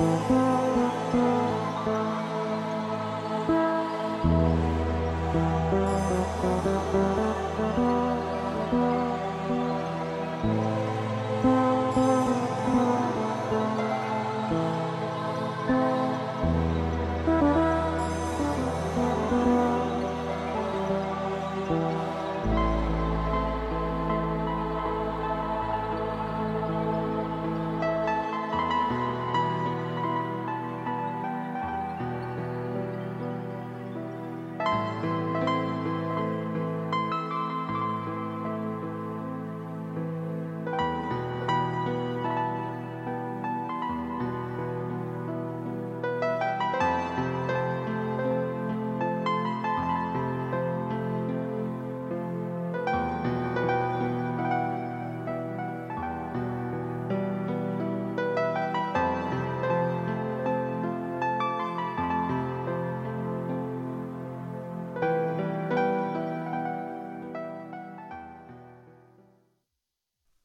Música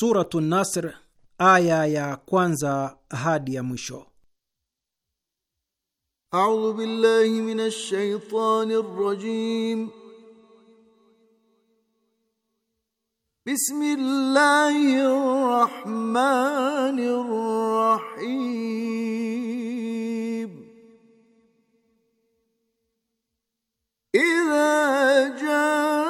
Suratu Nasr aya ya kwanza hadi ya mwisho. A'udhu billahi minash shaitani rrajim. Bismillahir rahmanir rahim. Idha jaa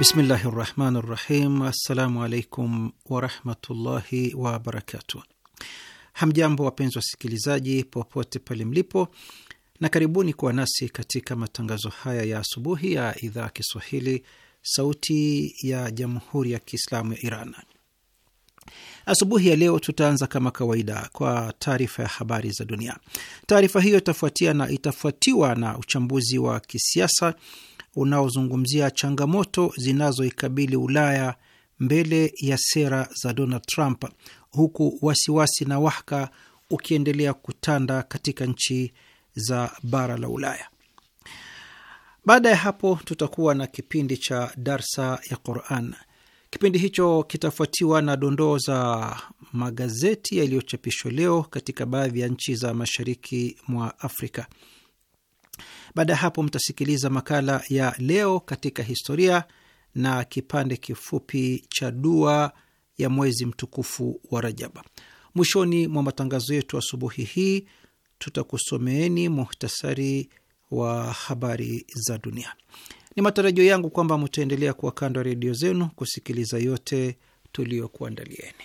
Bismillahi rahmani rahim. Assalamu alaikum warahmatullahi wabarakatuh. Hamjambo wapenzi wasikilizaji, popote pale mlipo, na karibuni kuwa nasi katika matangazo haya ya asubuhi ya idhaa ya Kiswahili, Sauti ya Jamhuri ya Kiislamu ya Iran. Asubuhi ya leo tutaanza kama kawaida kwa taarifa ya habari za dunia. Taarifa hiyo itafuatia na itafuatiwa na uchambuzi wa kisiasa unaozungumzia changamoto zinazoikabili Ulaya mbele ya sera za Donald Trump, huku wasiwasi na wahaka ukiendelea kutanda katika nchi za bara la Ulaya. Baada ya hapo, tutakuwa na kipindi cha darsa ya Quran. Kipindi hicho kitafuatiwa na dondoo za magazeti yaliyochapishwa leo katika baadhi ya nchi za mashariki mwa Afrika. Baada ya hapo, mtasikiliza makala ya leo katika historia na kipande kifupi cha dua ya mwezi mtukufu wa Rajaba. Mwishoni mwa matangazo yetu asubuhi hii tutakusomeeni muhtasari wa habari za dunia. Ni matarajio yangu kwamba mtaendelea kuwa kando ya redio zenu kusikiliza yote tuliyokuandalieni.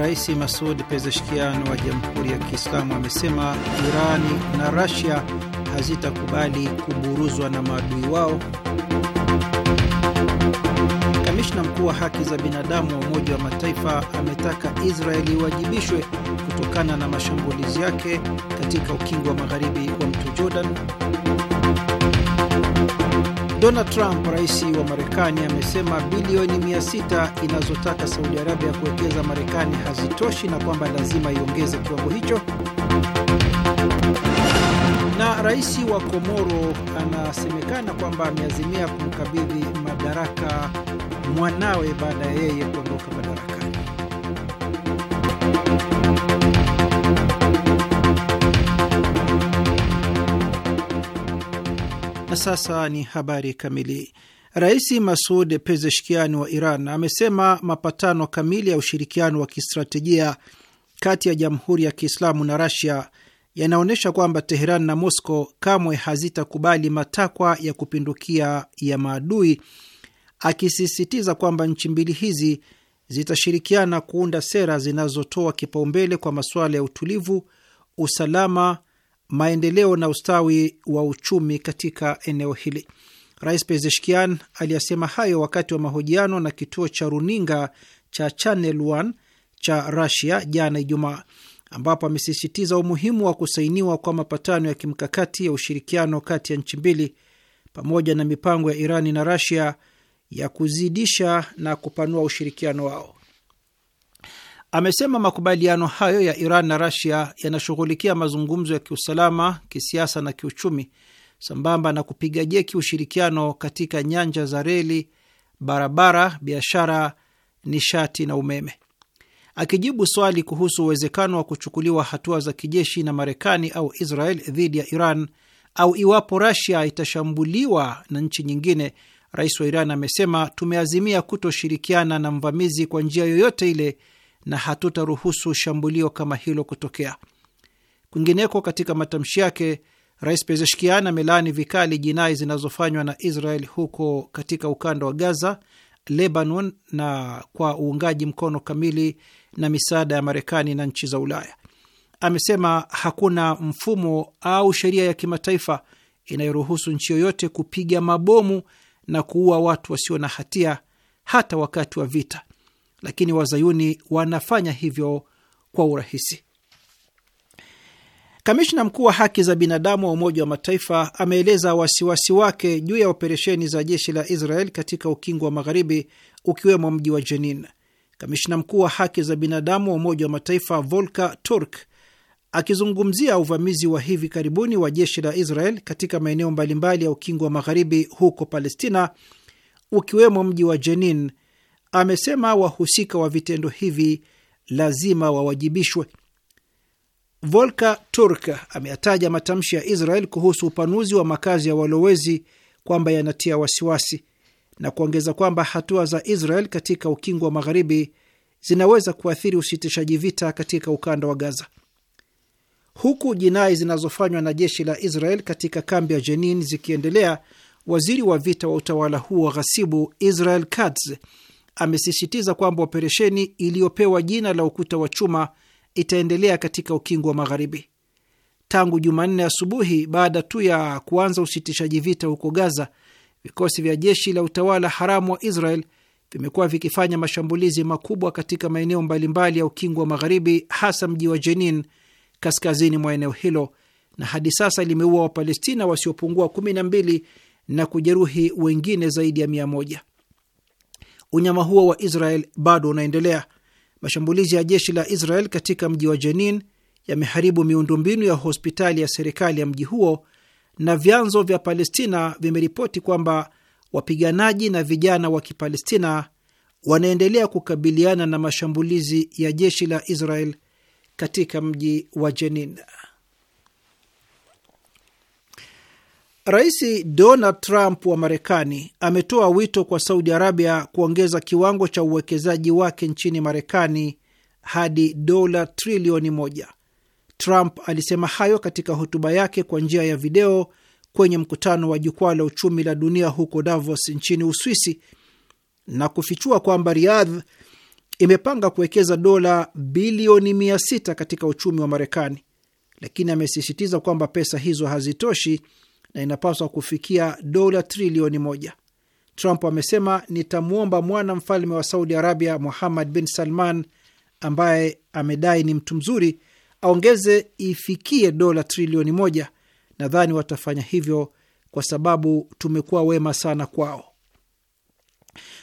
Rais Masud Pezeshkian wa Jamhuri ya Kiislamu amesema Irani na Rasia hazitakubali kuburuzwa na maadui wao. Kamishna mkuu wa haki za binadamu wa Umoja wa Mataifa ametaka Israeli iwajibishwe kutokana na mashambulizi yake katika ukingo wa magharibi wa mto Jordan. Donald Trump, rais wa Marekani, amesema bilioni 600 inazotaka Saudi Arabia kuwekeza Marekani hazitoshi na kwamba lazima iongeze kiwango hicho. Na rais wa Komoro anasemekana kwamba ameazimia kumkabidhi madaraka mwanawe baada ya yeye kuondoka madaraka. sasa ni habari kamili. Rais Masud Pezeshkiani wa Iran amesema mapatano kamili ya ushirikiano wa kistratejia kati ya Jamhuri ya Kiislamu na Rasia yanaonyesha kwamba Teheran na Moscow kamwe hazitakubali matakwa ya kupindukia ya maadui, akisisitiza kwamba nchi mbili hizi zitashirikiana kuunda sera zinazotoa kipaumbele kwa masuala ya utulivu, usalama maendeleo na ustawi wa uchumi katika eneo hili. Rais Pezeshkian aliyasema hayo wakati wa mahojiano na kituo cha runinga cha Channel cha Russia jana Ijumaa, ambapo amesisitiza umuhimu wa kusainiwa kwa mapatano ya kimkakati ya ushirikiano kati ya nchi mbili pamoja na mipango ya Irani na Russia ya kuzidisha na kupanua ushirikiano wao amesema makubaliano hayo ya Iran na Rasia yanashughulikia mazungumzo ya kiusalama, kisiasa na kiuchumi sambamba na kupiga jeki ushirikiano katika nyanja za reli, barabara, biashara, nishati na umeme. Akijibu swali kuhusu uwezekano wa kuchukuliwa hatua za kijeshi na Marekani au Israel dhidi ya Iran au iwapo Rasia itashambuliwa na nchi nyingine, rais wa Iran amesema tumeazimia kutoshirikiana na mvamizi kwa njia yoyote ile na hatutaruhusu shambulio kama hilo kutokea. Kwingineko, katika matamshi yake, Rais Pezeshkian amelaani vikali jinai zinazofanywa na Israel huko katika ukanda wa Gaza, Lebanon na kwa uungaji mkono kamili na misaada ya Marekani na nchi za Ulaya. Amesema hakuna mfumo au sheria ya kimataifa inayoruhusu nchi yoyote kupiga mabomu na kuua watu wasio na hatia hata wakati wa vita, lakini wazayuni wanafanya hivyo kwa urahisi. Kamishna mkuu wa haki za binadamu wa Umoja wa Mataifa ameeleza wasiwasi wake juu ya operesheni za jeshi la Israel katika ukingo wa Magharibi, ukiwemo mji wa Jenin. Kamishna mkuu wa haki za binadamu wa Umoja wa Mataifa Volker Turk akizungumzia uvamizi wa hivi karibuni wa jeshi la Israel katika maeneo mbalimbali ya ukingo wa Magharibi huko Palestina, ukiwemo mji wa Jenin, amesema wahusika wa vitendo hivi lazima wawajibishwe. Volker Turk ameyataja matamshi ya Israel kuhusu upanuzi wa makazi ya walowezi kwamba yanatia wasiwasi na kuongeza kwamba hatua za Israel katika ukingo wa magharibi zinaweza kuathiri usitishaji vita katika ukanda wa Gaza, huku jinai zinazofanywa na jeshi la Israel katika kambi ya Jenin zikiendelea. Waziri wa vita wa utawala huo ghasibu Israel Katz amesisitiza kwamba operesheni iliyopewa jina la ukuta wa chuma itaendelea katika ukingo wa Magharibi. Tangu Jumanne asubuhi, baada tu ya kuanza usitishaji vita huko Gaza, vikosi vya jeshi la utawala haramu wa Israel vimekuwa vikifanya mashambulizi makubwa katika maeneo mbalimbali ya ukingo wa Magharibi, hasa mji wa Jenin kaskazini mwa eneo hilo, na hadi sasa limeua Wapalestina wasiopungua 12 na kujeruhi wengine zaidi ya mia moja unyama huo wa Israel bado unaendelea. Mashambulizi ya jeshi la Israel katika mji wa Jenin yameharibu miundombinu ya hospitali ya serikali ya mji huo, na vyanzo vya Palestina vimeripoti kwamba wapiganaji na vijana wa Kipalestina wanaendelea kukabiliana na mashambulizi ya jeshi la Israel katika mji wa Jenin. Rais Donald Trump wa Marekani ametoa wito kwa Saudi Arabia kuongeza kiwango cha uwekezaji wake nchini Marekani hadi dola trilioni moja. Trump alisema hayo katika hotuba yake kwa njia ya video kwenye mkutano wa jukwaa la uchumi la dunia huko Davos nchini Uswisi na kufichua kwamba Riyadh imepanga kuwekeza dola bilioni mia sita katika uchumi wa Marekani, lakini amesisitiza kwamba pesa hizo hazitoshi na inapaswa kufikia dola trilioni moja. Trump amesema, nitamwomba mwana mfalme wa Saudi Arabia Muhammad bin Salman ambaye amedai ni mtu mzuri aongeze ifikie dola trilioni moja. Nadhani watafanya hivyo kwa sababu tumekuwa wema sana kwao.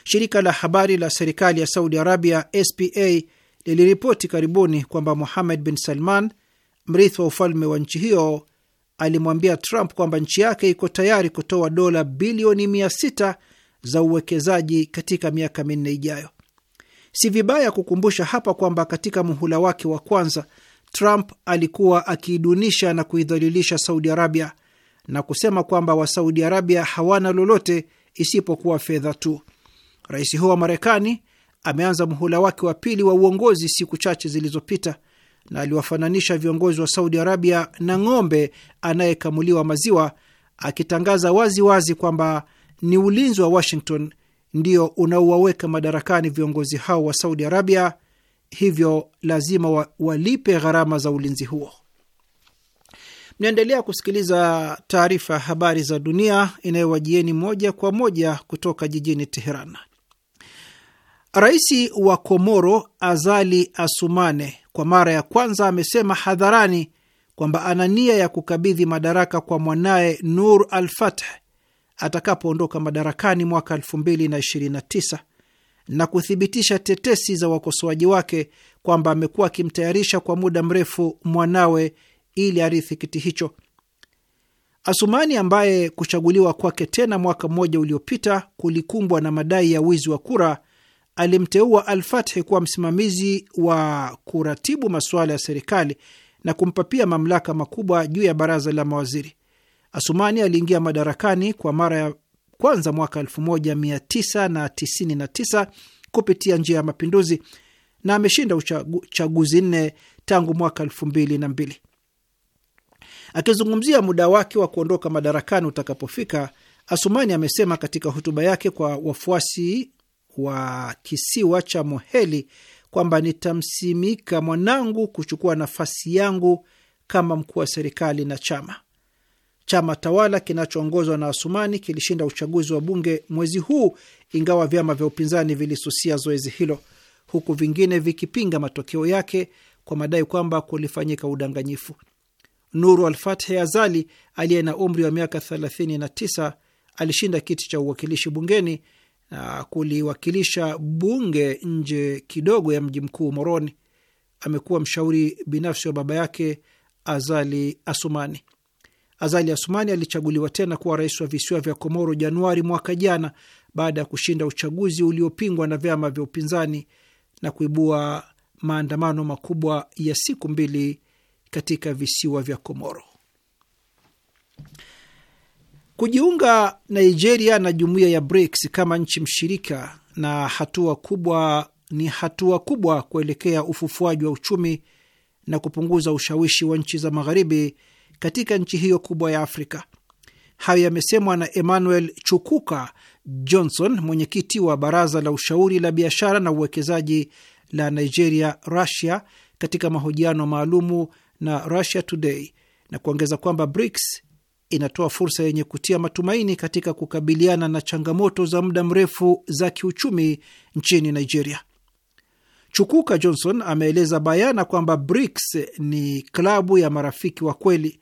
Shirika la habari la serikali ya Saudi Arabia SPA liliripoti karibuni kwamba Muhammad bin Salman, mrithi wa ufalme wa nchi hiyo, alimwambia Trump kwamba nchi yake iko tayari kutoa dola bilioni 6 za uwekezaji katika miaka minne ijayo. Si vibaya kukumbusha hapa kwamba katika muhula wake wa kwanza Trump alikuwa akiidunisha na kuidhalilisha Saudi Arabia na kusema kwamba Wasaudi Arabia hawana lolote isipokuwa fedha tu. Rais huyo wa Marekani ameanza muhula wake wa pili wa uongozi siku chache zilizopita na aliwafananisha viongozi wa Saudi Arabia na ng'ombe anayekamuliwa maziwa, akitangaza wazi wazi kwamba ni ulinzi wa Washington ndio unaowaweka madarakani viongozi hao wa Saudi Arabia, hivyo lazima wa, walipe gharama za ulinzi huo. Mnaendelea kusikiliza taarifa ya habari za dunia inayowajieni moja kwa moja kutoka jijini Teheran. Rais wa Komoro Azali Asumane kwa mara ya kwanza amesema hadharani kwamba ana nia ya kukabidhi madaraka kwa mwanaye Nur al-Fath atakapoondoka madarakani mwaka 2029 na kuthibitisha tetesi za wakosoaji wake kwamba amekuwa akimtayarisha kwa muda mrefu mwanawe ili arithi kiti hicho. Asumani ambaye kuchaguliwa kwake tena mwaka mmoja uliopita kulikumbwa na madai ya wizi wa kura alimteua Alfathi kuwa msimamizi wa kuratibu masuala ya serikali na kumpa pia mamlaka makubwa juu ya baraza la mawaziri. Asumani aliingia madarakani kwa mara ya kwanza mwaka 1999 kupitia njia ya mapinduzi na ameshinda uchaguzi nne tangu mwaka 2002. Akizungumzia muda wake wa kuondoka madarakani utakapofika, Asumani amesema katika hotuba yake kwa wafuasi wa kisiwa cha Moheli kwamba nitamsimika mwanangu kuchukua nafasi yangu kama mkuu wa serikali na chama. Chama tawala kinachoongozwa na Asumani kilishinda uchaguzi wa bunge mwezi huu, ingawa vyama vya upinzani vilisusia zoezi hilo, huku vingine vikipinga matokeo yake kwa madai kwamba kulifanyika udanganyifu. Nuru Alfathe Azali aliye na umri wa miaka 39 alishinda kiti cha uwakilishi bungeni na kuliwakilisha bunge nje kidogo ya mji mkuu Moroni. Amekuwa mshauri binafsi wa baba yake Azali Asumani. Azali Asumani alichaguliwa tena kuwa rais wa visiwa vya Komoro Januari mwaka jana baada ya kushinda uchaguzi uliopingwa na vyama vya upinzani na kuibua maandamano makubwa ya siku mbili katika visiwa vya Komoro. Kujiunga Nigeria na jumuiya ya BRICS kama nchi mshirika na hatua kubwa ni hatua kubwa kuelekea ufufuaji wa uchumi na kupunguza ushawishi wa nchi za magharibi katika nchi hiyo kubwa ya Afrika. Hayo yamesemwa na Emmanuel Chukuka Johnson, mwenyekiti wa baraza la ushauri la biashara na uwekezaji la Nigeria Russia, katika mahojiano maalumu na Russia Today, na kuongeza kwamba BRICS inatoa fursa yenye kutia matumaini katika kukabiliana na changamoto za muda mrefu za kiuchumi nchini Nigeria. Chukuka Johnson ameeleza bayana kwamba BRICS ni klabu ya marafiki wa kweli,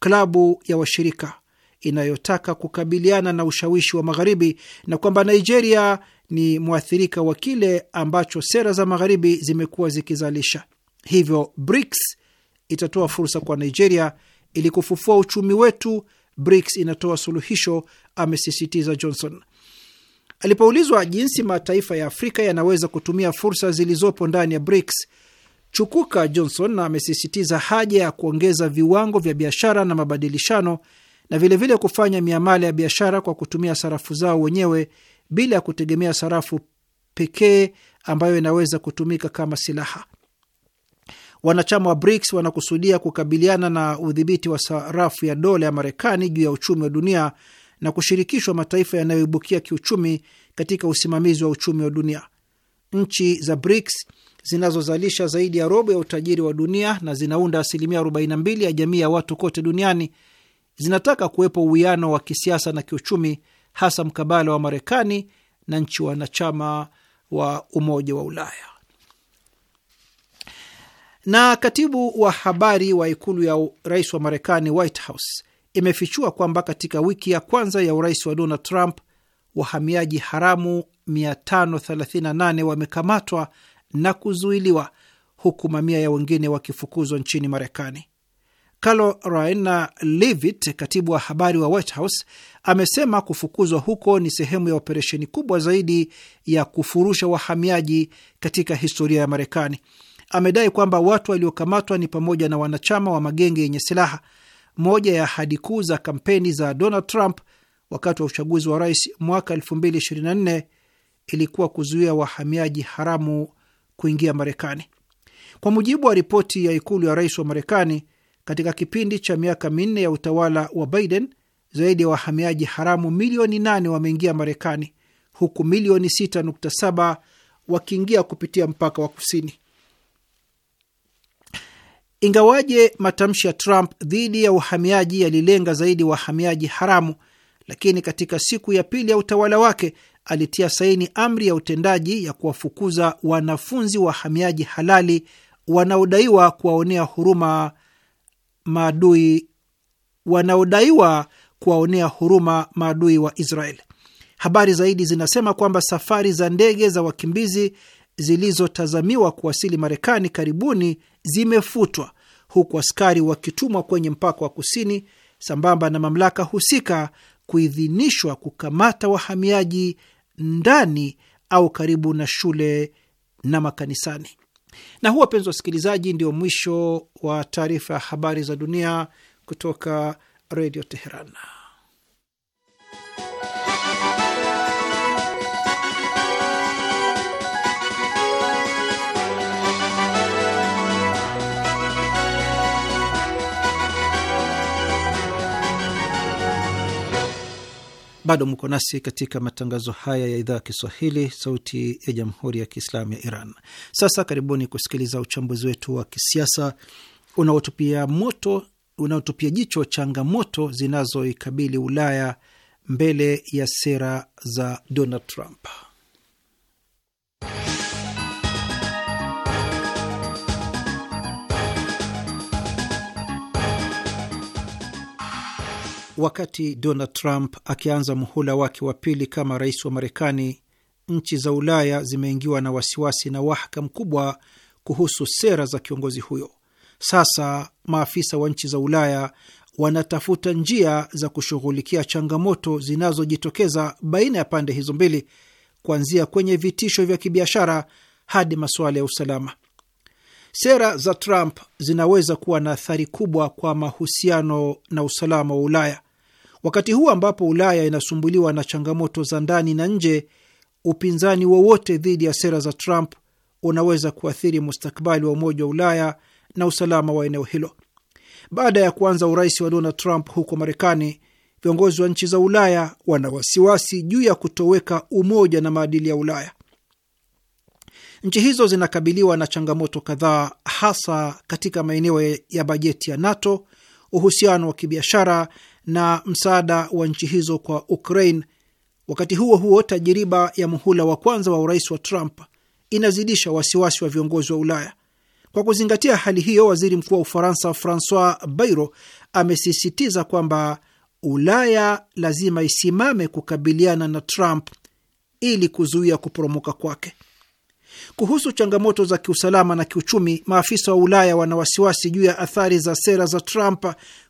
klabu ya washirika inayotaka kukabiliana na ushawishi wa Magharibi na kwamba Nigeria ni mwathirika wa kile ambacho sera za Magharibi zimekuwa zikizalisha. Hivyo BRICS itatoa fursa kwa Nigeria ili kufufua uchumi wetu, BRICS inatoa suluhisho, amesisitiza Johnson. Alipoulizwa jinsi mataifa ya Afrika yanaweza kutumia fursa zilizopo ndani ya BRICS, chukuka Johnson amesisitiza haja ya kuongeza viwango vya biashara na mabadilishano na vilevile vile kufanya miamala ya biashara kwa kutumia sarafu zao wenyewe bila ya kutegemea sarafu pekee ambayo inaweza kutumika kama silaha wanachama wa BRICS wanakusudia kukabiliana na udhibiti wa sarafu ya dola ya Marekani juu ya uchumi wa dunia na kushirikishwa mataifa yanayoibukia kiuchumi katika usimamizi wa uchumi wa dunia. Nchi za BRICS zinazozalisha zaidi ya robo ya utajiri wa dunia na zinaunda asilimia 42 ya jamii ya watu kote duniani zinataka kuwepo uwiano wa kisiasa na kiuchumi, hasa mkabala wa Marekani na nchi wanachama wa Umoja wa Ulaya. Na katibu wa habari wa ikulu ya rais wa Marekani, White House, imefichua kwamba katika wiki ya kwanza ya urais wa Donald Trump wahamiaji haramu 538 wamekamatwa na kuzuiliwa huku mamia ya wengine wakifukuzwa nchini Marekani. Carolina Leavitt, katibu wa habari wa White House, amesema kufukuzwa huko ni sehemu ya operesheni kubwa zaidi ya kufurusha wahamiaji katika historia ya Marekani amedai kwamba watu waliokamatwa ni pamoja na wanachama wa magenge yenye silaha. Moja ya ahadi kuu za kampeni za Donald Trump wakati wa uchaguzi wa rais mwaka 2024 ilikuwa kuzuia wahamiaji haramu kuingia Marekani. Kwa mujibu wa ripoti ya ikulu ya rais wa Marekani, katika kipindi cha miaka minne ya utawala wa Biden, zaidi ya wahamiaji haramu milioni 8 wameingia Marekani, huku milioni 6.7 wakiingia kupitia mpaka wa kusini. Ingawaje matamshi ya Trump dhidi ya uhamiaji yalilenga zaidi wahamiaji haramu, lakini katika siku ya pili ya utawala wake alitia saini amri ya utendaji ya kuwafukuza wanafunzi wahamiaji halali wanaodaiwa kuwaonea huruma maadui wanaodaiwa kuwaonea huruma maadui wa israel Habari zaidi zinasema kwamba safari za ndege za wakimbizi zilizotazamiwa kuwasili Marekani karibuni zimefutwa huku askari wakitumwa kwenye mpaka wa kusini sambamba na mamlaka husika kuidhinishwa kukamata wahamiaji ndani au karibu na shule na makanisani. Na huu, wapenzi wasikilizaji, ndio mwisho wa taarifa ya habari za dunia kutoka Redio Teheran. Bado mko nasi katika matangazo haya ya idhaa ya Kiswahili, sauti ya jamhuri ya kiislamu ya Iran. Sasa karibuni kusikiliza uchambuzi wetu wa kisiasa unaotupia moto unaotupia jicho changamoto zinazoikabili Ulaya mbele ya sera za Donald Trump. Wakati Donald Trump akianza muhula wake wa pili kama rais wa Marekani, nchi za Ulaya zimeingiwa na wasiwasi na wahaka mkubwa kuhusu sera za kiongozi huyo. Sasa maafisa wa nchi za Ulaya wanatafuta njia za kushughulikia changamoto zinazojitokeza baina ya pande hizo mbili, kuanzia kwenye vitisho vya kibiashara hadi masuala ya usalama. Sera za Trump zinaweza kuwa na athari kubwa kwa mahusiano na usalama wa Ulaya Wakati huu ambapo Ulaya inasumbuliwa na changamoto za ndani na nje, upinzani wowote dhidi ya sera za Trump unaweza kuathiri mustakabali wa Umoja wa Ulaya na usalama wa eneo hilo. Baada ya kuanza urais wa Donald Trump huko Marekani, viongozi wa nchi za Ulaya wana wasiwasi juu ya kutoweka umoja na maadili ya Ulaya. Nchi hizo zinakabiliwa na changamoto kadhaa, hasa katika maeneo ya bajeti ya NATO, uhusiano wa kibiashara na msaada wa nchi hizo kwa Ukraine. Wakati huo huo, tajiriba ya muhula wa kwanza wa urais wa Trump inazidisha wasiwasi wa viongozi wa Ulaya. Kwa kuzingatia hali hiyo, waziri mkuu wa Ufaransa Francois Bayrou amesisitiza kwamba Ulaya lazima isimame kukabiliana na Trump ili kuzuia kuporomoka kwake. Kuhusu changamoto za kiusalama na kiuchumi, maafisa wa Ulaya wana wasiwasi juu ya athari za sera za Trump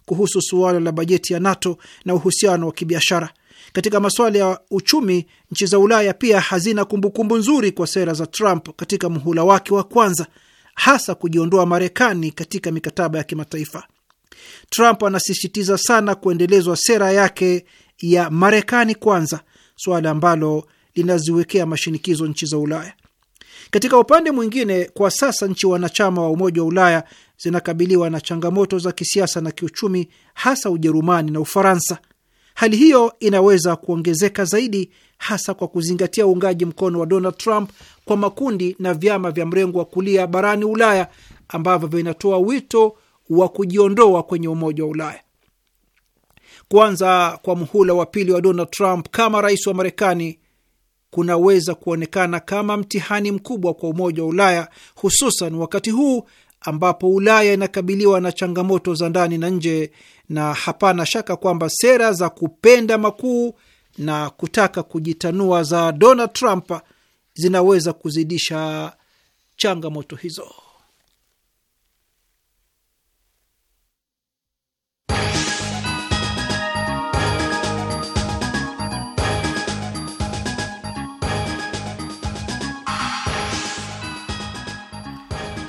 kuhusu suala la bajeti ya NATO na uhusiano wa kibiashara. Katika masuala ya uchumi, nchi za Ulaya pia hazina kumbukumbu -kumbu nzuri kwa sera za Trump katika mhula wake wa kwanza, hasa kujiondoa Marekani katika mikataba ya kimataifa. Trump anasisitiza sana kuendelezwa sera yake ya Marekani kwanza, suala ambalo linaziwekea mashinikizo nchi za Ulaya. Katika upande mwingine, kwa sasa nchi wanachama wa Umoja wa Ulaya zinakabiliwa na changamoto za kisiasa na kiuchumi, hasa Ujerumani na Ufaransa. Hali hiyo inaweza kuongezeka zaidi, hasa kwa kuzingatia uungaji mkono wa Donald Trump kwa makundi na vyama vya mrengo wa kulia barani Ulaya ambavyo vinatoa wito wa kujiondoa kwenye Umoja wa Ulaya. Kwanza kwa mhula wa pili wa Donald Trump kama rais wa Marekani kunaweza kuonekana kama mtihani mkubwa kwa Umoja wa Ulaya, hususan wakati huu ambapo Ulaya inakabiliwa na changamoto za ndani na nje, na hapana shaka kwamba sera za kupenda makuu na kutaka kujitanua za Donald Trump zinaweza kuzidisha changamoto hizo.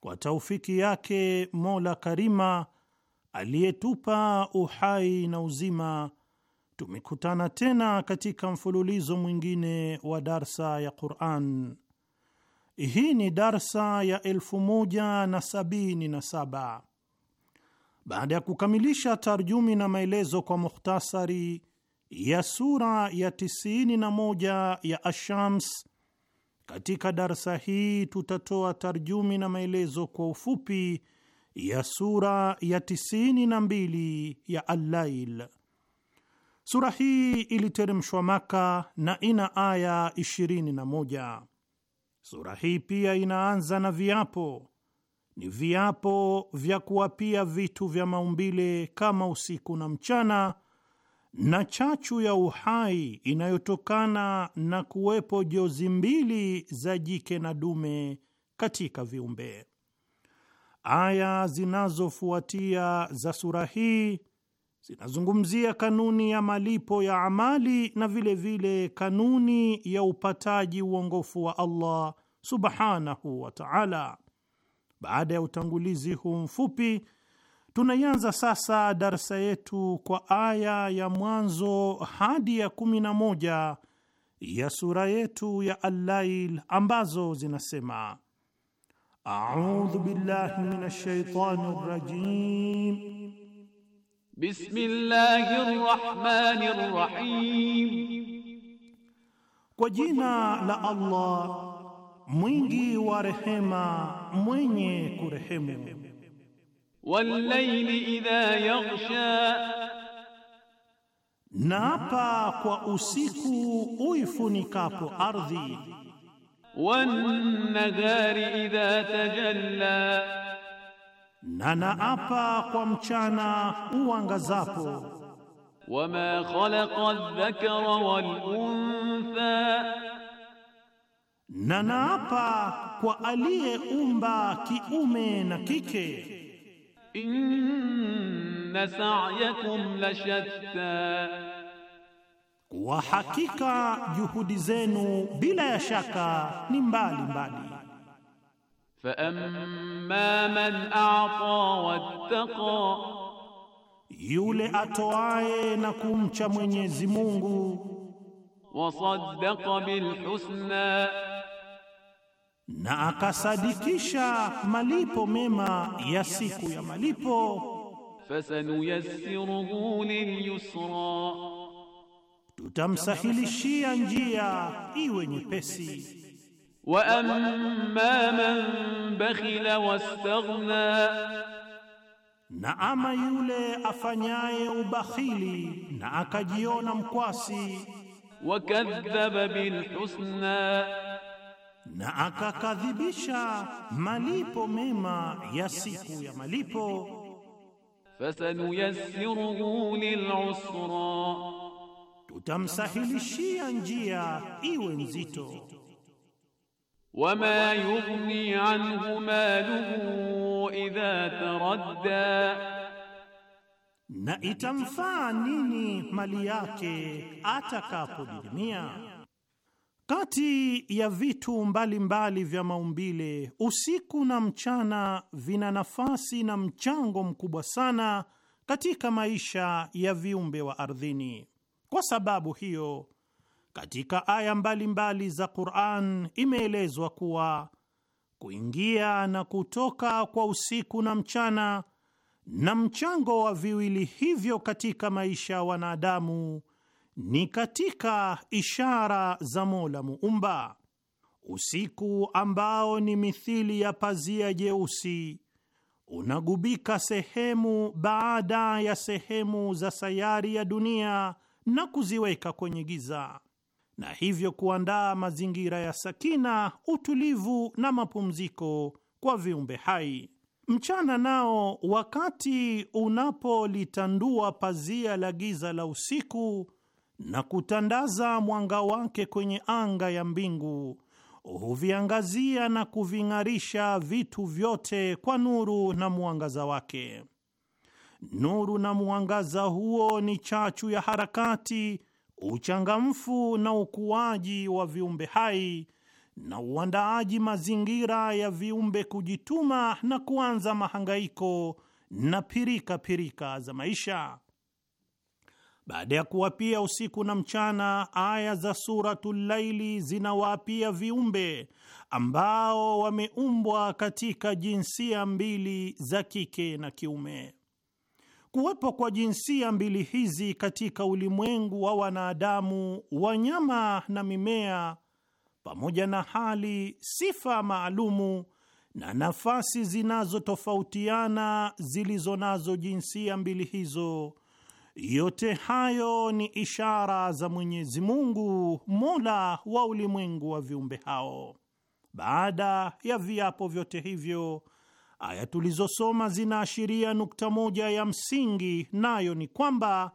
kwa taufiki yake Mola Karima aliyetupa uhai na uzima, tumekutana tena katika mfululizo mwingine wa darsa ya Quran. Hii ni darsa ya elfu moja na sabini na saba baada ya kukamilisha tarjumi na maelezo kwa mukhtasari ya sura ya 91 ya Ashams katika darsa hii tutatoa tarjumi na maelezo kwa ufupi ya sura ya tisini na mbili ya Al-Lail. Sura hii iliteremshwa Maka na ina aya ishirini na moja. Sura hii pia inaanza na viapo, ni viapo vya kuwapia vitu vya maumbile kama usiku na mchana na chachu ya uhai inayotokana na kuwepo jozi mbili za jike na dume katika viumbe. Aya zinazofuatia za sura hii zinazungumzia kanuni ya malipo ya amali na vilevile vile kanuni ya upataji uongofu wa Allah subhanahu wa ta'ala. Baada ya utangulizi huu mfupi Tunaianza sasa darsa yetu kwa aya ya mwanzo hadi ya kumi na moja ya sura yetu ya allail ambazo zinasema: A'udhu billahi minash rahim, kwa jina la Allah mwingi wa rehema mwenye kurehemu. Wallaili idha yaghsha, naapa kwa usiku uifunikapo ardhi. Wannahari idha tajalla, na naapa kwa mchana uangazapo. Wama khalaqa dhakara wal untha, na naapa kwa aliyeumba kiume na kike inna sa'yakum lashatta, kwa hakika juhudi zenu bila ya shaka ni mbali mbali. Fa amma man a'ta wattaqa, yule atoaye na kumcha Mwenyezi Mungu. Wa saddaqa bil husna na akasadikisha malipo mema ya siku ya malipo. Fasanuyassiruhu lilyusra, tutamsahilishia njia iwe nyepesi. Wa amma man bakhila wastaghna, na ama yule afanyaye ubakhili na akajiona mkwasi. Wakadhaba bilhusna na akakadhibisha malipo mema ya siku ya malipo. Fasanuyassiruhu lilusra, tutamsahilishia njia iwe nzito. Wama yughni anhu maluhu idha taradda, na itamfaa nini mali yake atakapodidimia. Kati ya vitu mbalimbali mbali vya maumbile, usiku na mchana vina nafasi na mchango mkubwa sana katika maisha ya viumbe wa ardhini. Kwa sababu hiyo, katika aya mbalimbali mbali za Qur'an imeelezwa kuwa kuingia na kutoka kwa usiku na mchana na mchango wa viwili hivyo katika maisha ya wanadamu ni katika ishara za Mola Muumba. Usiku ambao ni mithili ya pazia jeusi unagubika sehemu baada ya sehemu za sayari ya dunia na kuziweka kwenye giza, na hivyo kuandaa mazingira ya sakina, utulivu na mapumziko kwa viumbe hai. Mchana nao, wakati unapolitandua pazia la giza la usiku na kutandaza mwanga wake kwenye anga ya mbingu, huviangazia na kuving'arisha vitu vyote kwa nuru na mwangaza wake. Nuru na mwangaza huo ni chachu ya harakati, uchangamfu na ukuaji wa viumbe hai na uandaaji mazingira ya viumbe kujituma na kuanza mahangaiko na pirika pirika za maisha. Baada ya kuwapia usiku na mchana, aya za Suratul Laili zinawaapia viumbe ambao wameumbwa katika jinsia mbili za kike na kiume. Kuwepo kwa jinsia mbili hizi katika ulimwengu wa wanadamu, wanyama na mimea, pamoja na hali, sifa maalumu na nafasi zinazotofautiana zilizo nazo jinsia mbili hizo yote hayo ni ishara za Mwenyezi Mungu, mola wa ulimwengu wa viumbe hao. Baada ya viapo vyote hivyo, aya tulizosoma zinaashiria nukta moja ya msingi, nayo ni kwamba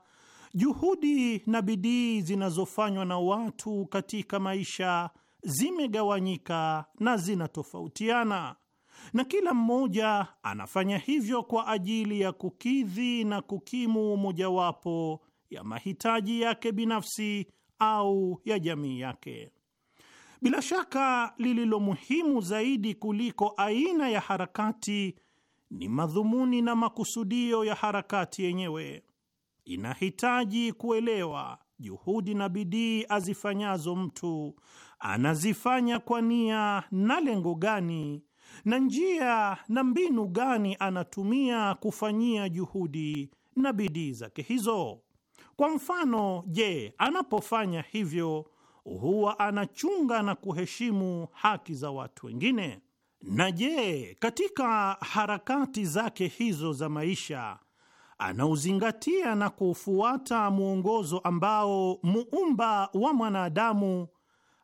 juhudi na bidii zinazofanywa na watu katika maisha zimegawanyika na zinatofautiana na kila mmoja anafanya hivyo kwa ajili ya kukidhi na kukimu mojawapo ya mahitaji yake binafsi au ya jamii yake. Bila shaka lililo muhimu zaidi kuliko aina ya harakati ni madhumuni na makusudio ya harakati yenyewe. Inahitaji kuelewa juhudi na bidii azifanyazo mtu anazifanya kwa nia na lengo gani, na njia na mbinu gani anatumia kufanyia juhudi na bidii zake hizo? Kwa mfano, je, anapofanya hivyo huwa anachunga na kuheshimu haki za watu wengine? Na je, katika harakati zake hizo za maisha anauzingatia na kuufuata mwongozo ambao muumba wa mwanadamu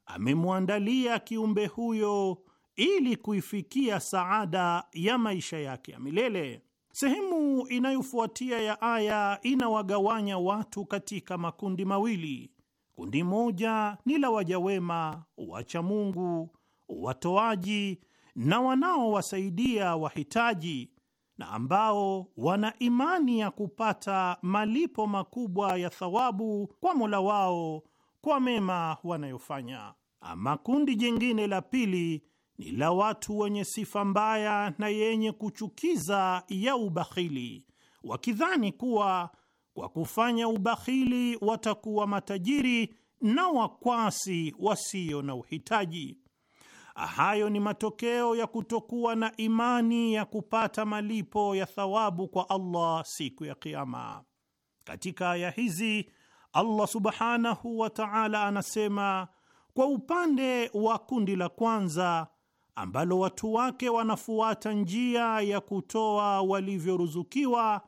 amemwandalia kiumbe huyo ili kuifikia saada ya maisha yake ya milele. Sehemu inayofuatia ya aya inawagawanya watu katika makundi mawili. Kundi moja ni la wajawema wacha Mungu, watoaji na wanaowasaidia wahitaji na ambao wana imani ya kupata malipo makubwa ya thawabu kwa Mola wao kwa mema wanayofanya. Ama kundi jingine la pili ni la watu wenye sifa mbaya na yenye kuchukiza ya ubakhili, wakidhani kuwa kwa kufanya ubakhili watakuwa matajiri na wakwasi wasio na uhitaji. Hayo ni matokeo ya kutokuwa na imani ya kupata malipo ya thawabu kwa Allah siku ya kiama Katika aya hizi Allah subhanahu wa ta'ala anasema kwa upande wa kundi la kwanza ambalo watu wake wanafuata njia ya kutoa walivyoruzukiwa,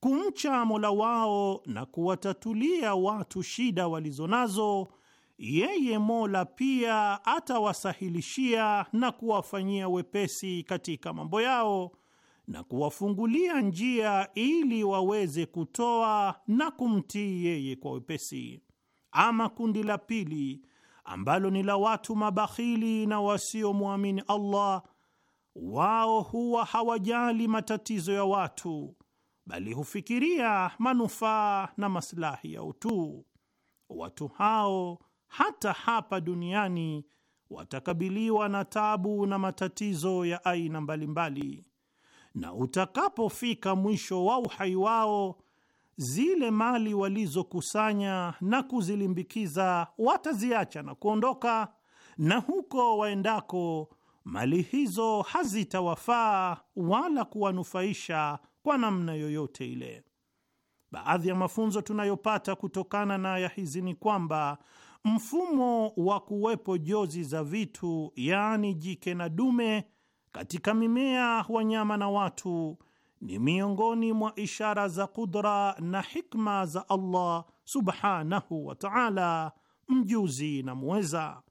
kumcha Mola wao na kuwatatulia watu shida walizo nazo, yeye Mola pia atawasahilishia na kuwafanyia wepesi katika mambo yao na kuwafungulia njia ili waweze kutoa na kumtii yeye kwa wepesi. Ama kundi la pili ambalo ni la watu mabakhili na wasiomwamini Allah. Wao huwa hawajali matatizo ya watu, bali hufikiria manufaa na maslahi ya utu. Watu hao hata hapa duniani watakabiliwa na tabu na matatizo ya aina mbalimbali, na utakapofika mwisho wa uhai wao zile mali walizokusanya na kuzilimbikiza wataziacha na kuondoka, na huko waendako mali hizo hazitawafaa wala kuwanufaisha kwa namna yoyote ile. Baadhi ya mafunzo tunayopata kutokana na aya hizi ni kwamba mfumo wa kuwepo jozi za vitu, yaani jike na dume, katika mimea, wanyama na watu ni miongoni mwa ishara za kudra na hikma za Allah subhanahu wa ta'ala, mjuzi na muweza.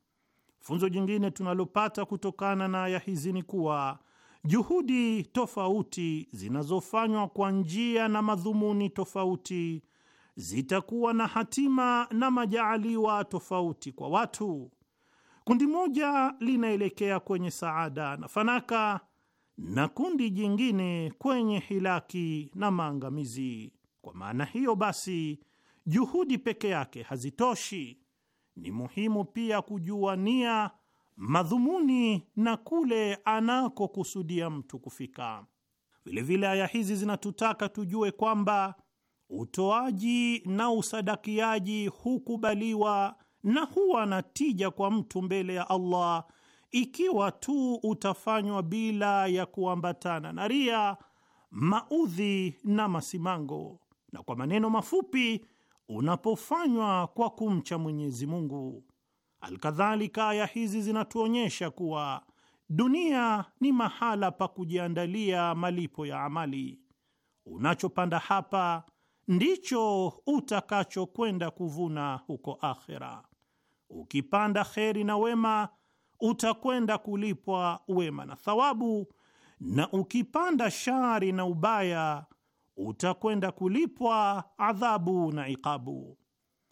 Funzo jingine tunalopata kutokana na aya hizi ni kuwa juhudi tofauti zinazofanywa kwa njia na madhumuni tofauti zitakuwa na hatima na majaaliwa tofauti kwa watu. Kundi moja linaelekea kwenye saada na fanaka na kundi jingine kwenye hilaki na maangamizi. Kwa maana hiyo basi, juhudi peke yake hazitoshi. Ni muhimu pia kujua nia, madhumuni na kule anakokusudia mtu kufika. Vilevile aya hizi zinatutaka tujue kwamba utoaji na usadakiaji hukubaliwa na huwa na tija kwa mtu mbele ya Allah ikiwa tu utafanywa bila ya kuambatana na ria, maudhi na masimango, na kwa maneno mafupi, unapofanywa kwa kumcha Mwenyezi Mungu. Alkadhalika, aya hizi zinatuonyesha kuwa dunia ni mahala pa kujiandalia malipo ya amali. Unachopanda hapa ndicho utakachokwenda kuvuna huko akhera. Ukipanda kheri na wema utakwenda kulipwa wema na thawabu, na ukipanda shari na ubaya utakwenda kulipwa adhabu na iqabu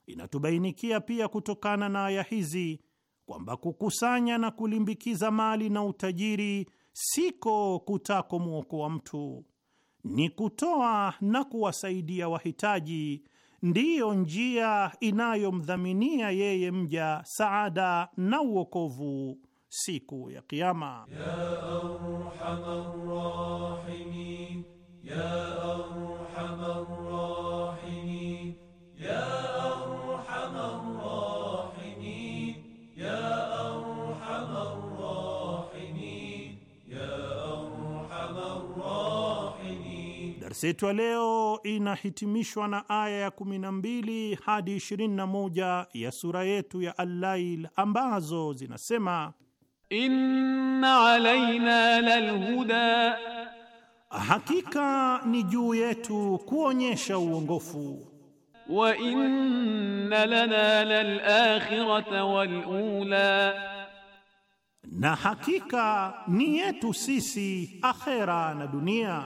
Inatubainikia pia kutokana na aya hizi kwamba kukusanya na kulimbikiza mali na utajiri siko kutako wa mtu, ni kutoa na kuwasaidia wahitaji ndiyo njia inayomdhaminia yeye mja saada na uokovu siku ya Kiama. ya Darsa yetu ya leo inahitimishwa na aya ya 12 hadi 21 ya sura yetu ya Al-Lail ambazo zinasema inna alaina lalhuda, hakika ni juu yetu kuonyesha uongofu. Wa inna lana lalakhirata walula, na hakika ni yetu sisi akhera na dunia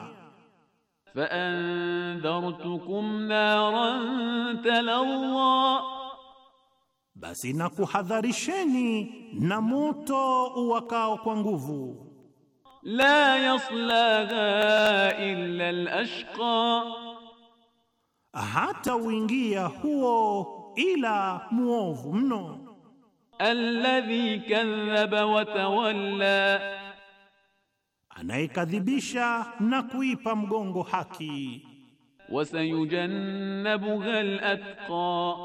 فأنذرتكم نارا تلظى basi nakuhadharisheni na moto uwakao kwa nguvu la yaslaha illa alashqa hata uingia huo ila muovu mno alladhi kadhaba wa tawalla anayekadhibisha na kuipa mgongo haki. Wasayujannabuha alatqa,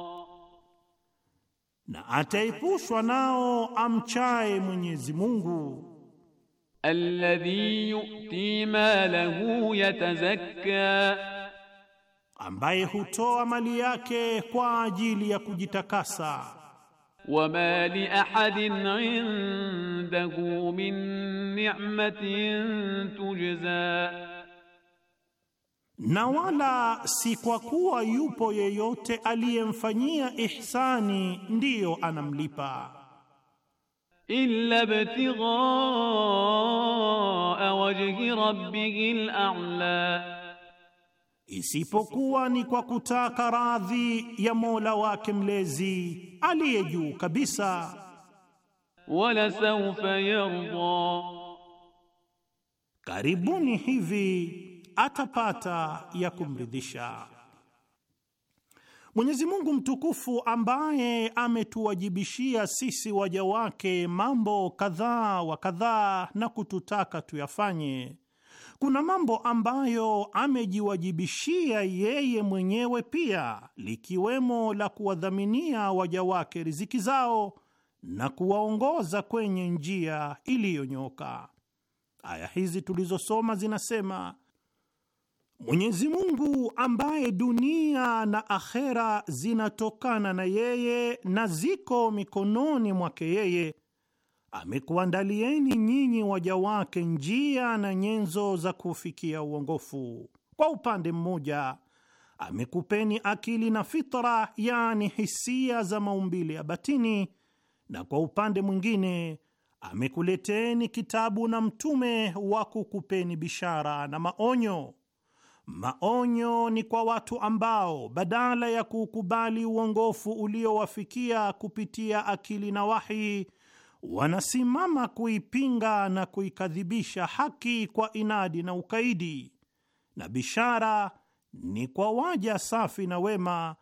na ataepushwa nao amchaye Mwenyezi Mungu. Alladhi yu'ti lahu yatazakka, ambaye hutoa mali yake kwa ajili ya kujitakasa. وما لأحد عنده من نعمة تجزى na wala si kwa kuwa yupo yeyote aliyemfanyia ihsani ndiyo anamlipa, illa btighaa wajhi rabbihil a'la isipokuwa ni kwa kutaka radhi ya Mola wake mlezi aliye juu kabisa. Wala sawfa yarda, karibuni hivi atapata ya kumridhisha. Mwenyezi Mungu mtukufu ambaye ametuwajibishia sisi waja wake mambo kadhaa wa kadhaa na kututaka tuyafanye kuna mambo ambayo amejiwajibishia yeye mwenyewe pia, likiwemo la kuwadhaminia waja wake riziki zao na kuwaongoza kwenye njia iliyonyoka Aya hizi tulizosoma zinasema Mwenyezi Mungu ambaye dunia na akhera zinatokana na yeye na ziko mikononi mwake yeye amekuandalieni nyinyi waja wake njia na nyenzo za kufikia uongofu. Kwa upande mmoja, amekupeni akili na fitra, yani hisia za maumbile ya batini, na kwa upande mwingine amekuleteni kitabu na mtume wa kukupeni bishara na maonyo. Maonyo ni kwa watu ambao badala ya kuukubali uongofu uliowafikia kupitia akili na wahi wanasimama kuipinga na kuikadhibisha haki kwa inadi na ukaidi, na bishara ni kwa waja safi na wema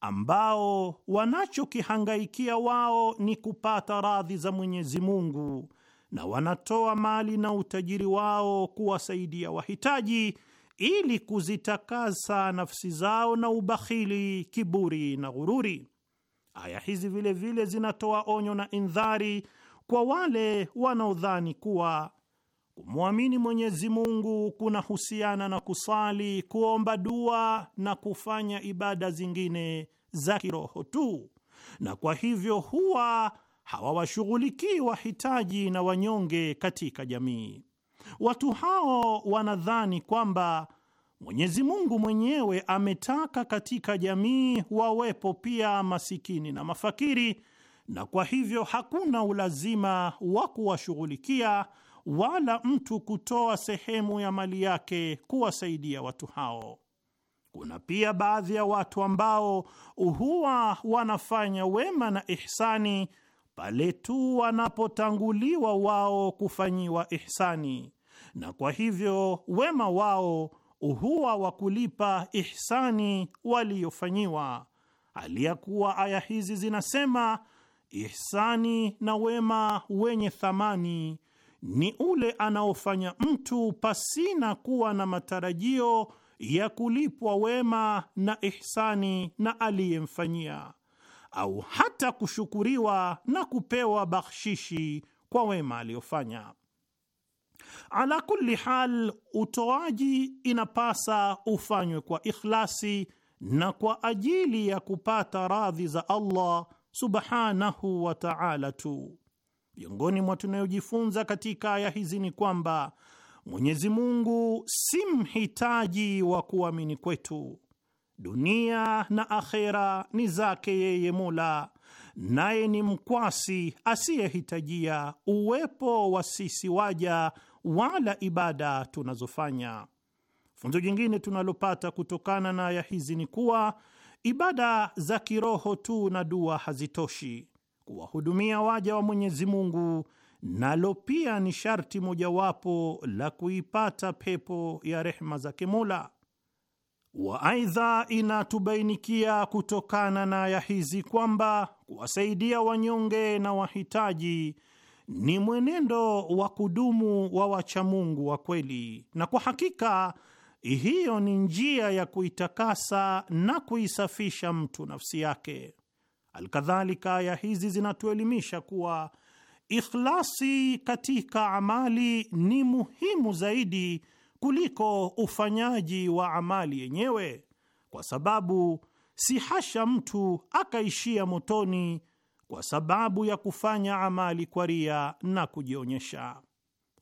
ambao wanachokihangaikia wao ni kupata radhi za Mwenyezi Mungu, na wanatoa mali na utajiri wao kuwasaidia wahitaji ili kuzitakasa nafsi zao na ubakhili, kiburi na ghururi. Aya hizi vilevile zinatoa onyo na indhari kwa wale wanaodhani kuwa kumwamini Mwenyezi Mungu kunahusiana na kusali, kuomba dua na kufanya ibada zingine za kiroho tu, na kwa hivyo huwa hawawashughulikii wahitaji na wanyonge katika jamii. Watu hao wanadhani kwamba Mwenyezi Mungu mwenyewe ametaka katika jamii wawepo pia masikini na mafakiri na kwa hivyo hakuna ulazima wa kuwashughulikia wala mtu kutoa sehemu ya mali yake kuwasaidia watu hao. Kuna pia baadhi ya watu ambao huwa wanafanya wema na ihsani pale tu wanapotanguliwa wao kufanyiwa ihsani, na kwa hivyo wema wao huwa wa kulipa ihsani waliyofanyiwa. Hali ya kuwa aya hizi zinasema ihsani na wema wenye thamani ni ule anaofanya mtu pasina kuwa na matarajio ya kulipwa wema na ihsani na aliyemfanyia au hata kushukuriwa na kupewa bakhshishi kwa wema aliyofanya. Ala kulli hal, utoaji inapasa ufanywe kwa ikhlasi na kwa ajili ya kupata radhi za Allah subhanahu wa ta'ala tu. Miongoni mwa tunayojifunza katika aya hizi ni kwamba Mwenyezi Mungu si mhitaji wa kuamini kwetu. Dunia na akhera ni zake yeye Mola, naye ni mkwasi asiyehitajia uwepo wa sisi waja wala ibada tunazofanya. Funzo jingine tunalopata kutokana na aya hizi ni kuwa Ibada za kiroho tu na dua hazitoshi. Kuwahudumia waja wa Mwenyezi Mungu nalo pia ni sharti mojawapo la kuipata pepo ya rehma za Mola wa. Aidha, inatubainikia kutokana na aya hizi kwamba kuwasaidia wanyonge na wahitaji ni mwenendo wa kudumu wa wachamungu wa kweli, na kwa hakika hiyo ni njia ya kuitakasa na kuisafisha mtu nafsi yake. Alkadhalika, aya hizi zinatuelimisha kuwa ikhlasi katika amali ni muhimu zaidi kuliko ufanyaji wa amali yenyewe, kwa sababu si hasha mtu akaishia motoni kwa sababu ya kufanya amali kwa ria na kujionyesha.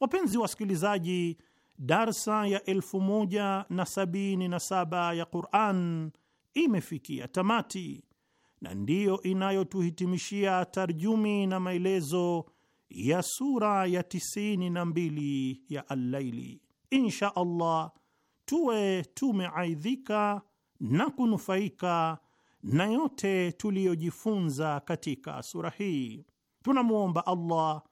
Wapenzi wasikilizaji, darsa ya elfu moja na sabini na saba ya Quran imefikia tamati na ndiyo inayotuhitimishia tarjumi na maelezo ya sura ya tisini na mbili ya Allaili. Insha Allah tuwe tumeaidhika na kunufaika na yote tuliyojifunza katika sura hii. Tunamwomba Allah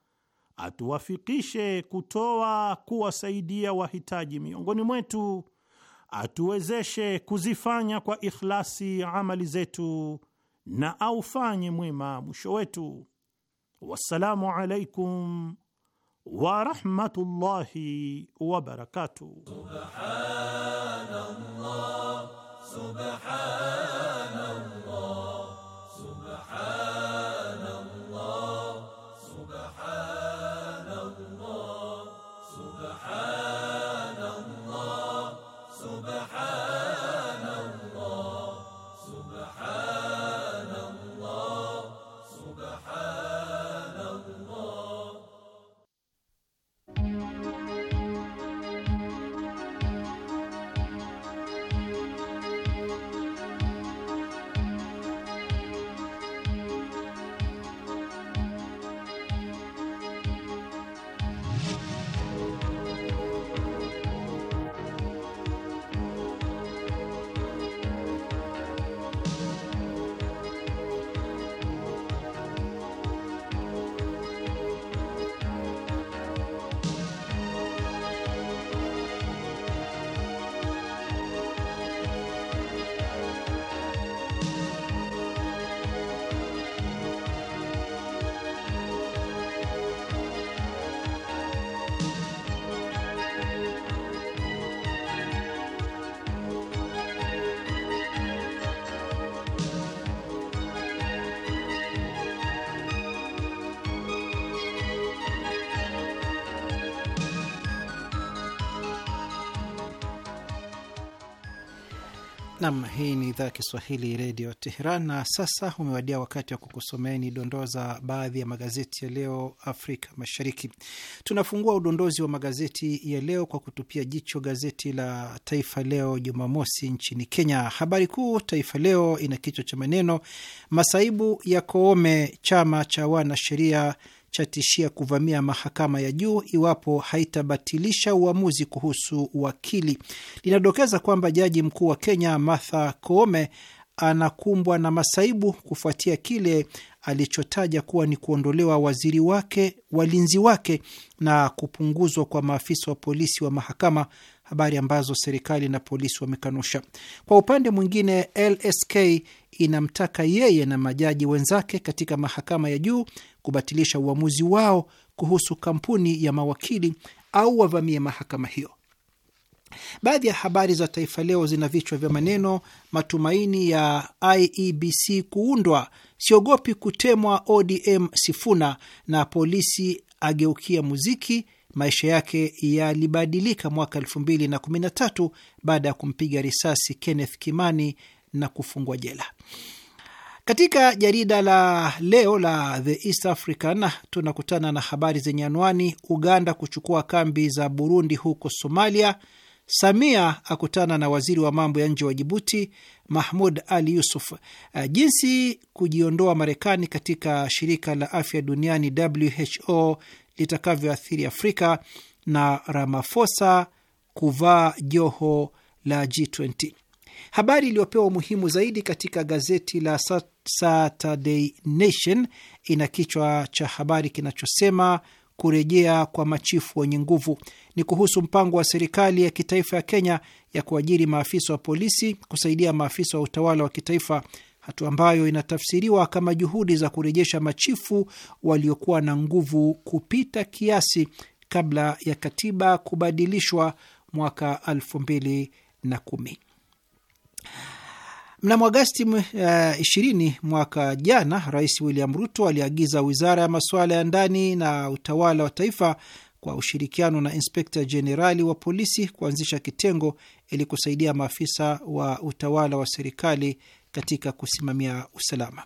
atuwafikishe kutoa kuwasaidia wahitaji miongoni mwetu, atuwezeshe kuzifanya kwa ikhlasi amali zetu, na aufanye mwema mwisho wetu. Wassalamu alaikum warahmatullahi wabarakatuh. Subhanallah, subhanallah. Nam, hii ni idhaa Kiswahili redio Teheran. Na sasa umewadia wakati wa kukusomeeni dondoo za baadhi ya magazeti ya leo Afrika Mashariki. Tunafungua udondozi wa magazeti ya leo kwa kutupia jicho gazeti la Taifa Leo Jumamosi nchini Kenya. Habari kuu Taifa Leo ina kichwa cha maneno masaibu ya Koome, chama cha wanasheria chatishia kuvamia mahakama ya juu iwapo haitabatilisha uamuzi kuhusu wakili. Linadokeza kwamba jaji mkuu wa Kenya Martha Koome anakumbwa na masaibu kufuatia kile alichotaja kuwa ni kuondolewa waziri wake, walinzi wake na kupunguzwa kwa maafisa wa polisi wa mahakama habari ambazo serikali na polisi wamekanusha. Kwa upande mwingine, LSK inamtaka yeye na majaji wenzake katika mahakama ya juu kubatilisha uamuzi wao kuhusu kampuni ya mawakili au wavamie mahakama hiyo. Baadhi ya habari za Taifa Leo zina vichwa vya maneno: matumaini ya IEBC kuundwa, siogopi kutemwa, ODM Sifuna na polisi ageukia muziki, maisha yake yalibadilika mwaka tatu baada ya kumpiga risasi Kenneth Kimani na kufungwa jela. Katika jarida la leo la The East African tunakutana na habari zenye anwani: Uganda kuchukua kambi za Burundi huko Somalia, Samia akutana na waziri wa mambo ya nje wa Jibuti, Mahmud Ali Yusuf, uh, jinsi kujiondoa Marekani katika shirika la afya duniani WHO litakavyoathiri Afrika na ramafosa kuvaa joho la G20. Habari iliyopewa umuhimu zaidi katika gazeti la Saturday Nation ina kichwa cha habari kinachosema kurejea kwa machifu wenye nguvu. Ni kuhusu mpango wa serikali ya kitaifa ya Kenya ya kuajiri maafisa wa polisi kusaidia maafisa wa utawala wa kitaifa hatua ambayo inatafsiriwa kama juhudi za kurejesha machifu waliokuwa na nguvu kupita kiasi kabla ya katiba kubadilishwa mwaka 2010. Mnamo Agasti 20 uh, mwaka jana, Rais William Ruto aliagiza wizara ya masuala ya ndani na utawala wa taifa kwa ushirikiano na inspekta jenerali wa polisi kuanzisha kitengo ili kusaidia maafisa wa utawala wa serikali katika kusimamia usalama.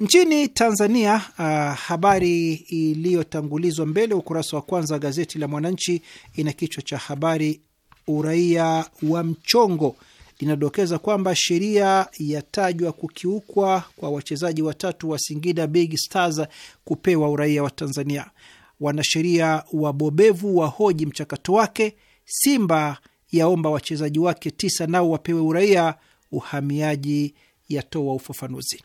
Nchini Tanzania, uh, habari iliyotangulizwa mbele ukurasa wa kwanza gazeti la Mwananchi ina kichwa cha habari uraia wa mchongo. Linadokeza kwamba sheria yatajwa kukiukwa kwa wachezaji watatu wa Singida Big Stars kupewa uraia wa Tanzania. Wanasheria wabobevu wahoji mchakato wake. Simba yaomba wachezaji wake tisa nao wapewe uraia uhamiaji yatoa ufafanuzi.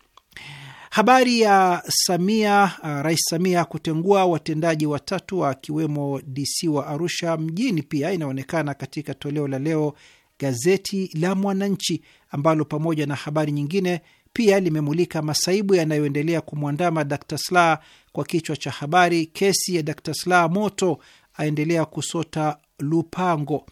Habari ya Samia, uh, Rais Samia kutengua watendaji watatu akiwemo DC wa Arusha mjini pia inaonekana katika toleo la leo gazeti la Mwananchi ambalo pamoja na habari nyingine pia limemulika masaibu yanayoendelea kumwandama Dkt. sla kwa kichwa cha habari, kesi ya d sla moto aendelea kusota lupango.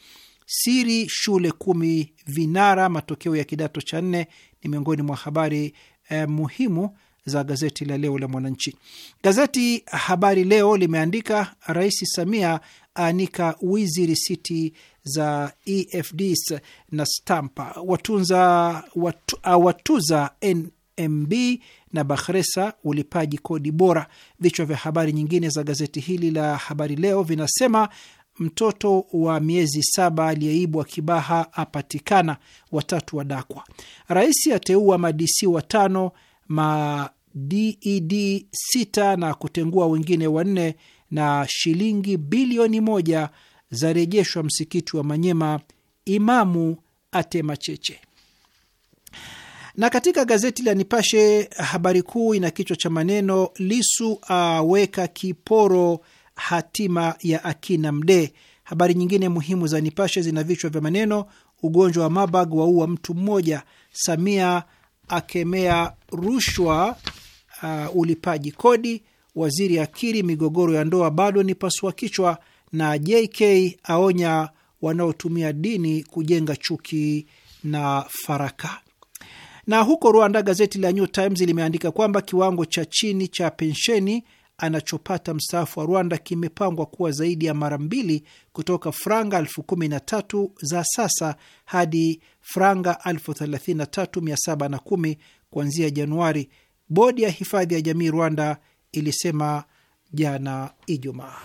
Siri shule kumi vinara, matokeo ya kidato cha nne, ni miongoni mwa habari eh, muhimu za gazeti la leo la Mwananchi. Gazeti Habari Leo limeandika Rais Samia anika wizi risiti za EFDs na stampa, ah, watuza watu, watuza NMB na Bakhresa ulipaji kodi bora. Vichwa vya habari nyingine za gazeti hili la Habari Leo vinasema mtoto wa miezi saba aliyeibwa Kibaha apatikana, watatu wadakwa. Rais ateua madisi watano maded sita na kutengua wengine wanne, na shilingi bilioni moja zarejeshwa msikiti wa Manyema. Imamu atema cheche. Na katika gazeti la Nipashe habari kuu ina kichwa cha maneno Lisu aweka kiporo hatima ya akina Mdee. Habari nyingine muhimu za Nipashe zina vichwa vya maneno: ugonjwa wa Marburg waua mtu mmoja, Samia akemea rushwa, uh, ulipaji kodi, waziri akiri migogoro ya ndoa bado ni pasua kichwa, na JK aonya wanaotumia dini kujenga chuki na faraka. Na huko Rwanda, gazeti la New Times limeandika kwamba kiwango cha chini cha pensheni anachopata mstaafu wa Rwanda kimepangwa kuwa zaidi ya mara mbili kutoka franga elfu kumi na tatu za sasa hadi franga elfu thelathini na tatu mia saba na kumi kuanzia Januari, bodi ya hifadhi ya jamii Rwanda ilisema jana Ijumaa.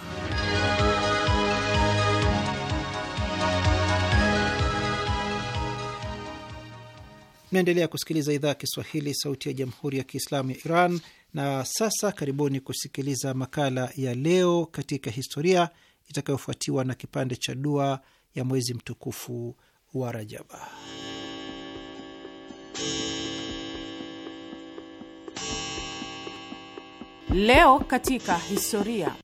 Naendelea kusikiliza idhaa ya Kiswahili, sauti ya jamhuri ya kiislamu ya Iran. Na sasa karibuni kusikiliza makala ya leo katika historia itakayofuatiwa na kipande cha dua ya mwezi mtukufu wa Rajaba. Leo katika historia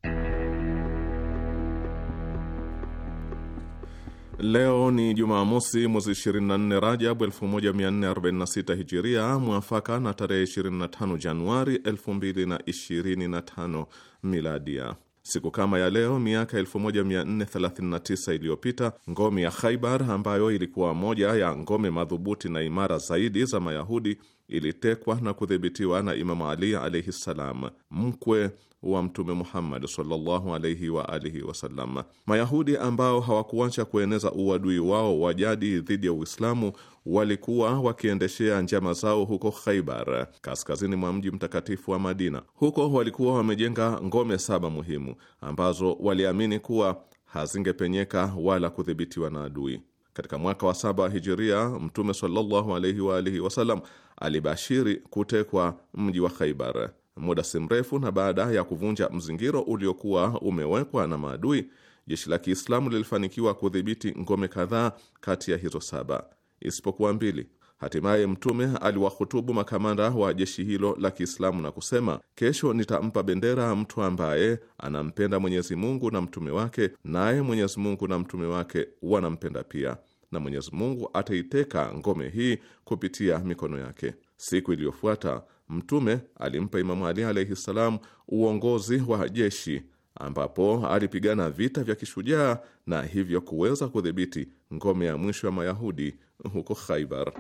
Leo ni Jumamosi, mwezi 24 Rajab 1446 Hijiria, mwafaka na tarehe 25 Januari 2025 Miladia. Siku kama ya leo miaka 1439 iliyopita ngome ya Khaibar ambayo ilikuwa moja ya ngome madhubuti na imara zaidi za Mayahudi ilitekwa na kudhibitiwa na Imamu Ali alaihi ssalam, mkwe wa Mtume Muhammad sallallahu alaihi wa alihi wasallam. Mayahudi ambao hawakuacha kueneza uadui wao wa jadi dhidi ya Uislamu walikuwa wakiendeshea njama zao huko Khaibar, kaskazini mwa mji mtakatifu wa Madina. Huko walikuwa wamejenga ngome saba muhimu ambazo waliamini kuwa hazingepenyeka wala kudhibitiwa na adui. Katika mwaka wa saba hijiria, Mtume sallallahu alaihi wa alihi wasallam alibashiri kutekwa mji wa Khaibar. Muda si mrefu na baada ya kuvunja mzingiro uliokuwa umewekwa na maadui, jeshi la Kiislamu lilifanikiwa kudhibiti ngome kadhaa kati ya hizo saba isipokuwa mbili. Hatimaye Mtume aliwahutubu makamanda wa jeshi hilo la Kiislamu na kusema, kesho nitampa bendera mtu ambaye anampenda Mwenyezi Mungu na mtume wake, naye Mwenyezi Mungu na mtume wake wanampenda pia, na Mwenyezi Mungu ataiteka ngome hii kupitia mikono yake. Siku iliyofuata Mtume alimpa Imamu Ali alaihi ssalam uongozi wa jeshi ambapo alipigana vita vya kishujaa na hivyo kuweza kudhibiti ngome ya mwisho ya Mayahudi huko Khaibar.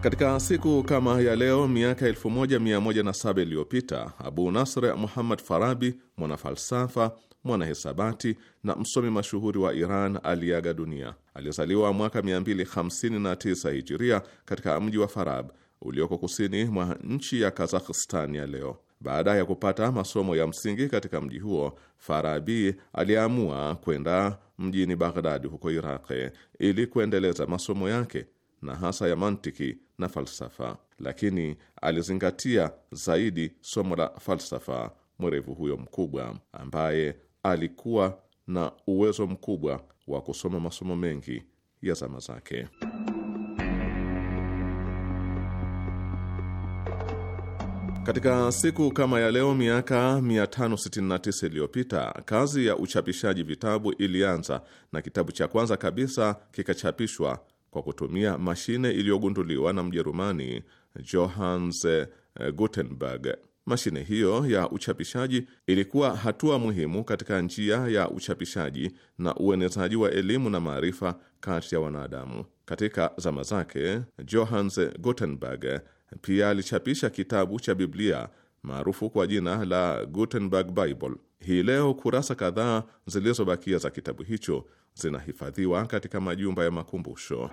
Katika siku kama ya leo miaka 1107 iliyopita Abu Nasr Muhammad Farabi, mwanafalsafa, hisabati na msomi mashuhuri wa Iran aliaga dunia. Alizaliwa mwaka 259 hijiria katika mji wa Farab ulioko kusini mwa nchi ya Kazakhstan ya leo. Baada ya kupata masomo ya msingi katika mji huo, Farabi aliamua kwenda mjini Baghdadi huko Iraqi ili kuendeleza masomo yake na hasa ya mantiki na falsafa, lakini alizingatia zaidi somo la falsafa. Mwerevu huyo mkubwa ambaye alikuwa na uwezo mkubwa wa kusoma masomo mengi ya zama zake. Katika siku kama ya leo miaka 569 iliyopita kazi ya uchapishaji vitabu ilianza na kitabu cha kwanza kabisa kikachapishwa kwa kutumia mashine iliyogunduliwa na Mjerumani Johannes Gutenberg. Mashine hiyo ya uchapishaji ilikuwa hatua muhimu katika njia ya uchapishaji na uenezaji wa elimu na maarifa kati ya wanadamu. Katika zama zake, Johannes Gutenberg pia alichapisha kitabu cha Biblia maarufu kwa jina la Gutenberg Bible. Hii leo kurasa kadhaa zilizobakia za kitabu hicho zinahifadhiwa katika majumba ya makumbusho.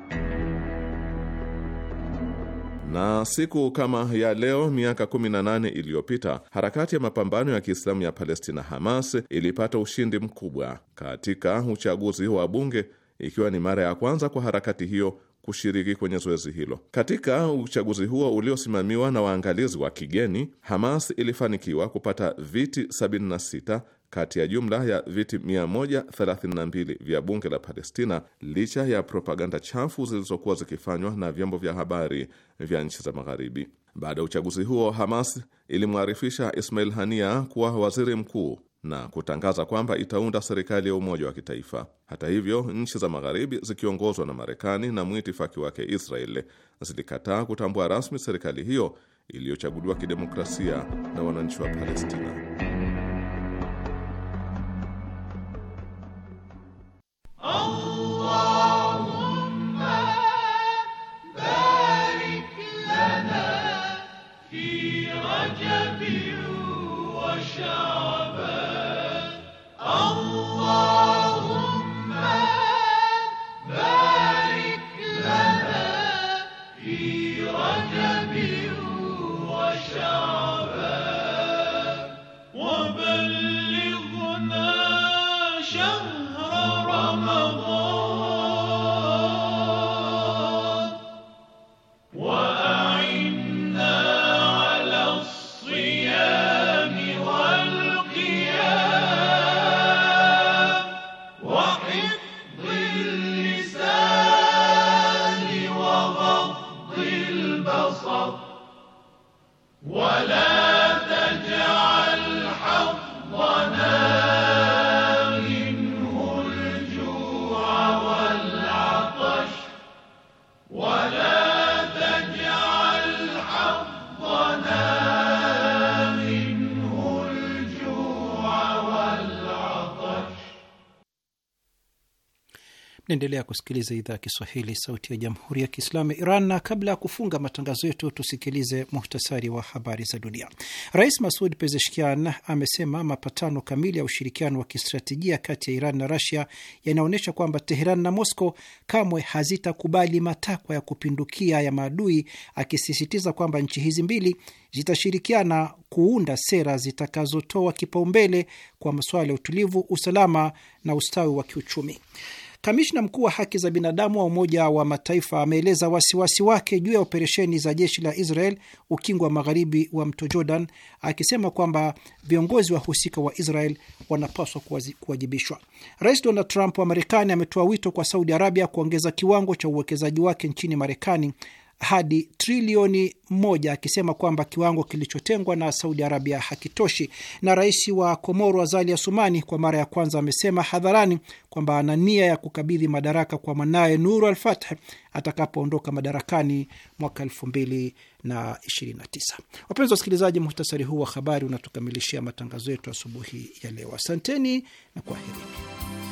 Na siku kama ya leo miaka 18 iliyopita harakati ya mapambano ya Kiislamu ya Palestina Hamas ilipata ushindi mkubwa katika uchaguzi wa bunge ikiwa ni mara ya kwanza kwa harakati hiyo kushiriki kwenye zoezi hilo. Katika uchaguzi huo uliosimamiwa na waangalizi wa kigeni, Hamas ilifanikiwa kupata viti 76 kati ya jumla ya viti 132 vya bunge la Palestina, licha ya propaganda chafu zilizokuwa zikifanywa na vyombo vya habari vya nchi za Magharibi. Baada ya uchaguzi huo, Hamas ilimwarifisha Ismail Hania kuwa waziri mkuu na kutangaza kwamba itaunda serikali ya umoja wa kitaifa. Hata hivyo, nchi za magharibi zikiongozwa na Marekani na mwitifaki wake Israeli zilikataa kutambua rasmi serikali hiyo iliyochaguliwa kidemokrasia na wananchi wa Palestina. endelea kusikiliza idhaa ya Kiswahili, sauti ya jamhuri ya kiislamu ya Iran. Na kabla ya kufunga matangazo yetu, tusikilize muhtasari wa habari za dunia. Rais Masud Pezeshkian amesema mapatano kamili ya ushirikiano wa kistratejia kati ya Iran na Rasia yanaonyesha kwamba Teheran na Moscow kamwe hazitakubali matakwa ya kupindukia ya maadui, akisisitiza kwamba nchi hizi mbili zitashirikiana kuunda sera zitakazotoa kipaumbele kwa masuala ya utulivu, usalama na ustawi wa kiuchumi. Kamishna mkuu wa haki za binadamu wa Umoja wa Mataifa ameeleza wasiwasi wake juu ya operesheni za jeshi la Israel ukingo wa magharibi wa mto Jordan, akisema kwamba viongozi wahusika wa Israel wanapaswa kuwajibishwa. Rais Donald Trump wa Marekani ametoa wito kwa Saudi Arabia kuongeza kiwango cha uwekezaji wake nchini Marekani hadi trilioni moja, akisema kwamba kiwango kilichotengwa na Saudi Arabia hakitoshi. Na rais wa Komoro Azali sumani kwa mara ya kwanza amesema hadharani kwamba ana nia ya kukabidhi madaraka kwa mwanaye Nuru al-Fath atakapoondoka madarakani mwaka 2029. Wapenzi wa wasikilizaji, muhtasari huu wa habari unatukamilishia matangazo yetu asubuhi ya leo. Asanteni na kwaheri.